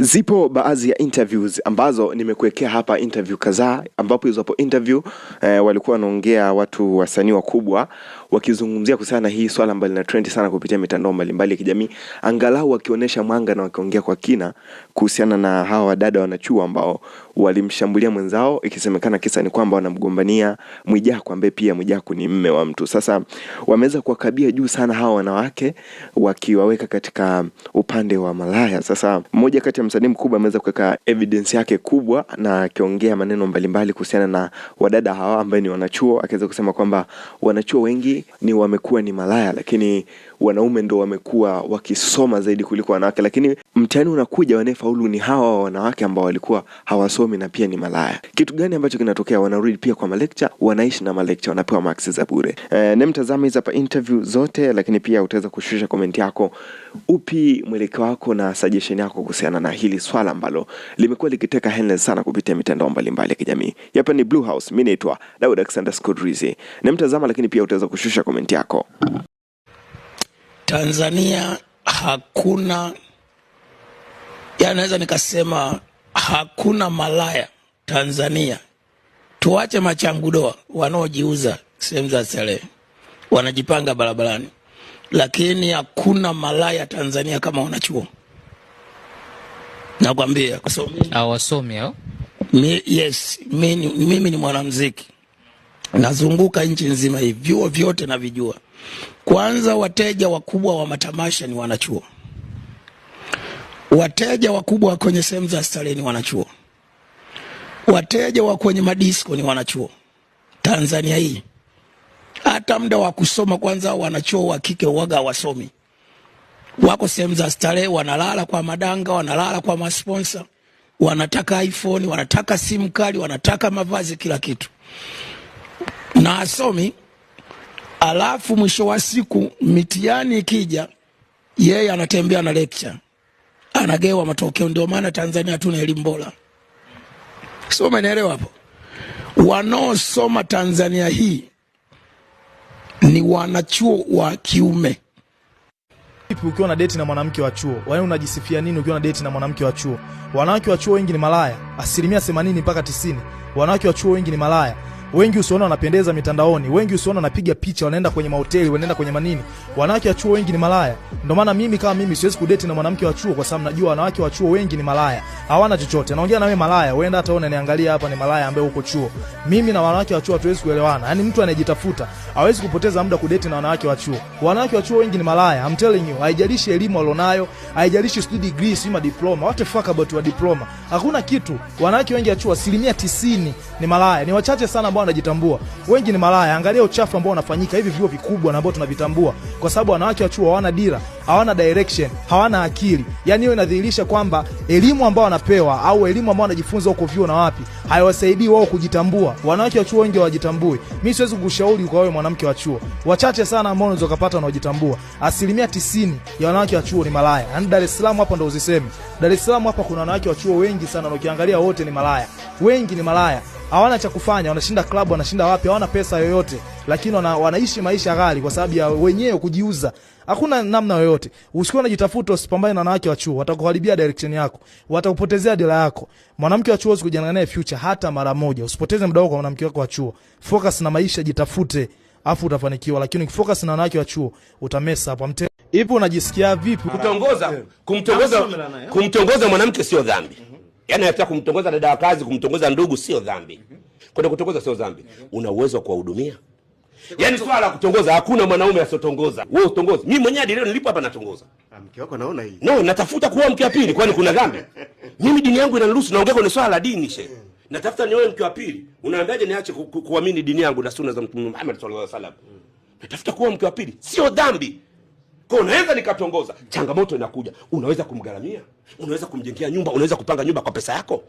Zipo baadhi ya interviews ambazo nimekuwekea hapa interview kadhaa, ambapo hizo hapo interview eh, walikuwa wanaongea watu wasanii wakubwa wakizungumzia kuhusiana na hii swala ambalo lina trend sana kupitia mitandao mbalimbali ya kijamii, angalau wakionyesha mwanga na wakiongea kwa kina kuhusiana na hawa wadada wanachuo ambao walimshambulia mwenzao, ikisemekana kisa ni kwamba wanamgombania Mwijaku ambaye pia Mwijaku ni mme wa mtu. Sasa wameweza kuwakabia juu sana hawa wanawake, wakiwaweka katika upande wa malaya. Sasa mmoja kati ya msanii mkubwa ameweza kuweka evidence yake kubwa na akiongea maneno mbalimbali kuhusiana na wadada hawa ambao ni wanachuo, akiweza kusema kwamba wanachuo wengi ni wamekuwa ni malaya, lakini wanaume ndo wamekuwa wakisoma zaidi kuliko wanawake, lakini mtihani unakuja, wanayefaulu ni hawa wanawake ambao walikuwa hawasomi na pia ni malaya. Kitu gani ambacho kinatokea? Wanarudi pia kwa malecture, wanaishi na malecture, wanapewa marks za bure. E, eh, ni mtazame hizi hapa interview zote, lakini pia utaweza kushusha komenti yako, upi mwelekeo wako na suggestion yako kuhusiana na hili swala ambalo limekuwa likiteka headlines sana kupitia mitandao mbalimbali ya kijamii. Hapa ni Blue House, mimi naitwa Daud Alexander ni mtazama, lakini pia utaweza kushusha shusha komenti yako. Tanzania hakuna ya, naweza nikasema hakuna malaya Tanzania. Tuwache machangudoa wanaojiuza sehemu za starehe, wanajipanga barabarani, lakini hakuna malaya Tanzania kama wanachuo, nakwambia, kwa sababu hawasomi eh? yes, mimi, mimi ni mwanamuziki nazunguka nchi nzima hii, vyuo vyote navijua. Kwanza, wateja wakubwa wa matamasha ni wanachuo, wateja wakubwa kwenye sehemu za starehe ni wanachuo, wateja wa kwenye madisko ni wanachuo. Tanzania hii hata muda wa kusoma kwanza, wanachuo wa kike waga wasomi, wako sehemu za starehe, wanalala kwa madanga, wanalala kwa masponsa, wanataka iPhone, wanataka simu kali, wanataka mavazi, kila kitu na asomi, alafu mwisho wa siku mitihani ikija, yeye anatembea na lecture, anagewa matokeo. Ndio maana Tanzania hatuna elimu bora, sio? Umenielewa hapo? Wanaosoma Tanzania hii ni wanachuo wa kiume. Ukiwa na deti na mwanamke wa chuo, wewe yaani unajisifia nini ukiwa na deti na mwanamke wa chuo? Wanawake wa chuo wengi ni malaya, asilimia 80 mpaka 90. Wanawake wa chuo wengi ni malaya. Wengi usiona wanapendeza mitandaoni, wengi usiona wanapiga picha, wanaenda kwenye mahoteli, wanaenda kwenye manini. Wanawake wa chuo wengi ni malaya. Ndio maana mimi kama mimi siwezi kudeti na mwanamke wa chuo, kwa sababu najua wanawake wa chuo wengi ni malaya, hawana chochote. Naongea na wewe malaya, uenda hata uone niangalia hapa ni malaya ambaye uko chuo. Mimi na wanawake wa chuo hatuwezi kuelewana. Yani mtu anayejitafuta hawezi kupoteza muda kudeti na wanawake wa chuo. Wanawake wa chuo wengi ni malaya. I'm telling you, haijalishi elimu alionayo, haijalishi study degree, si ma diploma. What the fuck about your diploma? Hakuna kitu. Wanawake wengi wa chuo asilimia 90 ni malaya. Ni wachache sana ambao wanajitambua. Wengi ni malaya. Angalia uchafu ambao unafanyika hivi vyuo vikubwa na ambao tunavitambua, kwa sababu wanawake wa chuo hawana dira, hawana direction, hawana akili. Yaani hiyo inadhihirisha kwamba elimu ambao wanapewa au elimu ambao wanajifunza huko vyuo na wapi haiwasaidii wao kujitambua. Wanawake wa chuo wengi hawajitambui. Mimi siwezi kukushauri kwa wewe mwanamke wa chuo, wachache sana ambao unaweza kupata wanaojitambua. Asilimia 90 ya wanawake wa chuo ni malaya. Yani Dar es Salaam hapa ndo uziseme. Dar es Salaam hapa kuna wanawake wa chuo wengi sana, na ukiangalia wote ni malaya, wengi ni malaya hawana cha kufanya, wanashinda klabu, wanashinda wapi, hawana pesa yoyote, lakini wana, wanaishi maisha ghali kwa sababu ya wenyewe kujiuza. Hakuna namna yoyote. usikuwa unajitafuta, usipambane na wanawake wa chuo, watakuharibia direction yako, watakupotezea dela yako. Mwanamke wa chuo usikujana naye future hata mara moja. Usipoteze muda wako kwa mwanamke wako wa chuo, focus na maisha, jitafute afu utafanikiwa, lakini ukifocus na wanawake wa chuo utamesa hapa mte. ipo unajisikia vipi? Kutongoza, eh. kumtongoza, kumtongoza mwanamke sio dhambi yani anataka kumtongoza dada wa kazi, kumtongoza ndugu sio dhambi. Kwenda kutongoza sio dhambi. Una uwezo wa kuwahudumia? Yaani swala la kutongoza hakuna mwanaume asiotongoza. Wewe utongoze. Mimi mwenyewe hadi leo nilipo hapa natongoza. Ah, mke wako naona hii. No, natafuta kuoa mke wa pili kwani kuna dhambi? Mimi dini yangu inaruhusu naongea kwenye swala la dini she. Natafuta nioe mke wa pili. Unaambiaje niache kuamini dini yangu na sunna za Mtume Muhammad sallallahu alaihi wasallam? Natafuta kuoa mke wa pili. Sio dhambi kwa unaweza nikatongoza, changamoto inakuja, unaweza kumgaramia, unaweza kumjengea nyumba, unaweza kupanga nyumba kwa pesa yako.